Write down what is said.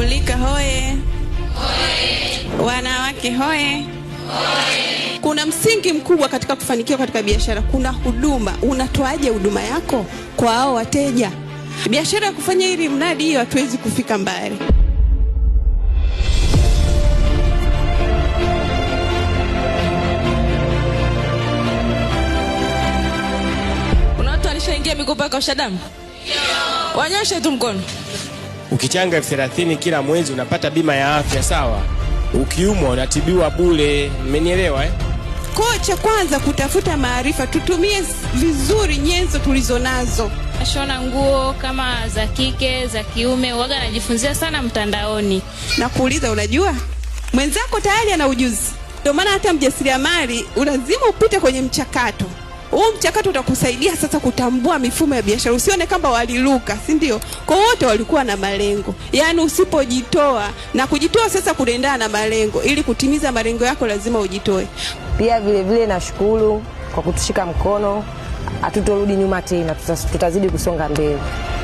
Kulika hoye, hoye. Wanawake hoye, hoye. Kuna msingi mkubwa katika kufanikiwa katika biashara, kuna huduma. Unatoaje huduma yako kwa hao wateja? Biashara ya kufanya ili mradi, hiyo hatuwezi kufika mbali. Kuna watu walishaingia mikopo ya kausha damu, wanyoshe tu mkono. Ukichanga elfu thelathini kila mwezi unapata bima ya afya sawa. Ukiumwa unatibiwa bure, mmenielewa eh? Kocha kwanza kutafuta maarifa, tutumie vizuri nyenzo tulizo nazo. Nashona nguo kama za kike za kiume, waga anajifunzia sana mtandaoni na kuuliza. Unajua mwenzako tayari ana ujuzi, ndio maana hata mjasiriamali ulazima upite kwenye mchakato. Huu mchakato utakusaidia sasa kutambua mifumo ya biashara, usione kamba waliluka si ndio? Kwa wote walikuwa na malengo, yaani usipojitoa na kujitoa sasa kuendana na malengo, ili kutimiza malengo yako lazima ujitoe pia. Vilevile nashukuru kwa kutushika mkono, hatutorudi nyuma tena, tutazidi kusonga mbele.